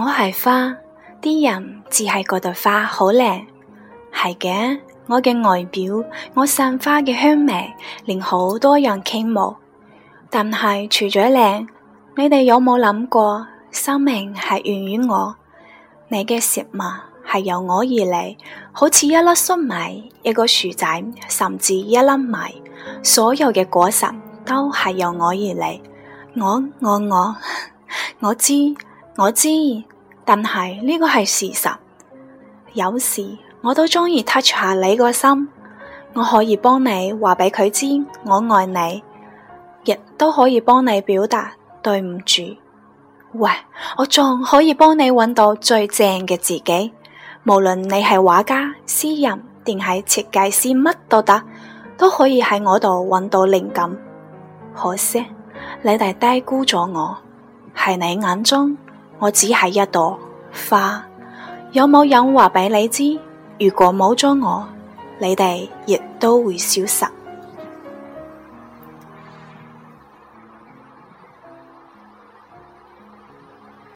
我係花，啲人只係覺得花好靚，係嘅。我嘅外表，我散發嘅香味，令好多人傾慕。但係除咗靚，你哋有冇諗過，生命係源於我？你嘅食物係由我而嚟，好似一粒粟米、一個薯仔，甚至一粒米，所有嘅果實都係由我而嚟。我我我，我知我， 我知。我知。但係呢個係事實，有時我都中意 touch 下你個心，我可以幫你話俾佢知我愛你，亦都可以幫你表達對唔住。喂，我仲可以幫你揾到最正嘅自己，無論你係畫家、詩人定係設計師，乜都得，都可以喺我度揾到靈感。可惜你哋低估咗我，喺你眼中。我只係一朵花，有冇人話俾你知？如果冇咗我，你哋亦都會消失。